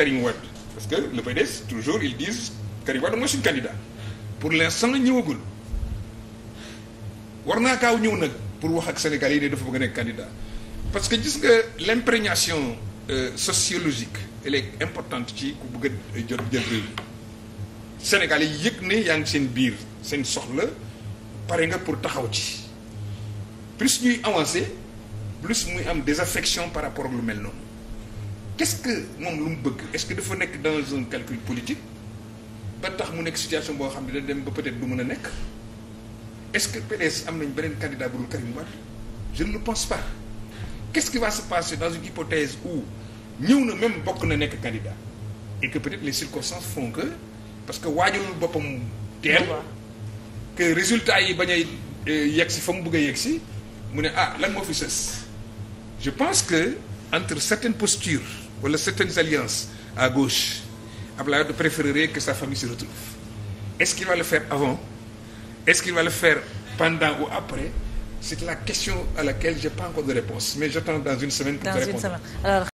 Karim Wade parce que le PDS toujours ils disent Karim Wade mooy suñu candidat pour l'instant ñëwagul war naa kaaw ñëw nag pour wax ak Sénégalais yi ne dafa bëgg a nekk candidat parce que gis nga l'imprégnation euh, sociologique elle est importante ci ku bëgg a euh, jot jël réew mi Sénégalais yi yëg ne yaa ngi seen biir seen soxla pare nga pour taxaw ci plus ñuy avancé plus muy am désaffection par rapport ak lu mel noonu est ce que moom lu mu bëgg est-ce que dafa nekk dans un calcul politique ba tax mu nekk situation boo xam ne da dem ba peut-être du mën a nekk est-ce que PDS am nañ beneen candidat bu dul Karim Wade je ne le pense pas qu'est-ce qui va se passer dans une hypothèse où ñëw na même bokk na nekk candidat et que peut-être les circonstances font que parce que waajalul boppam teel que résultat yi bañ a euh, yegg si fa mu bëgg a yegg si mu ne ah lan moo fi sës je pense que entre certaines postures wala certaines alliances à gauche Abdoulaye Wade préférerait que sa famille se retrouve est-ce qu'il va le faire avant est-ce qu'il va le faire pendant ou après c'est la question à laquelle j'ai pas encore de réponse mais j'attends dans une semaine pour te répondre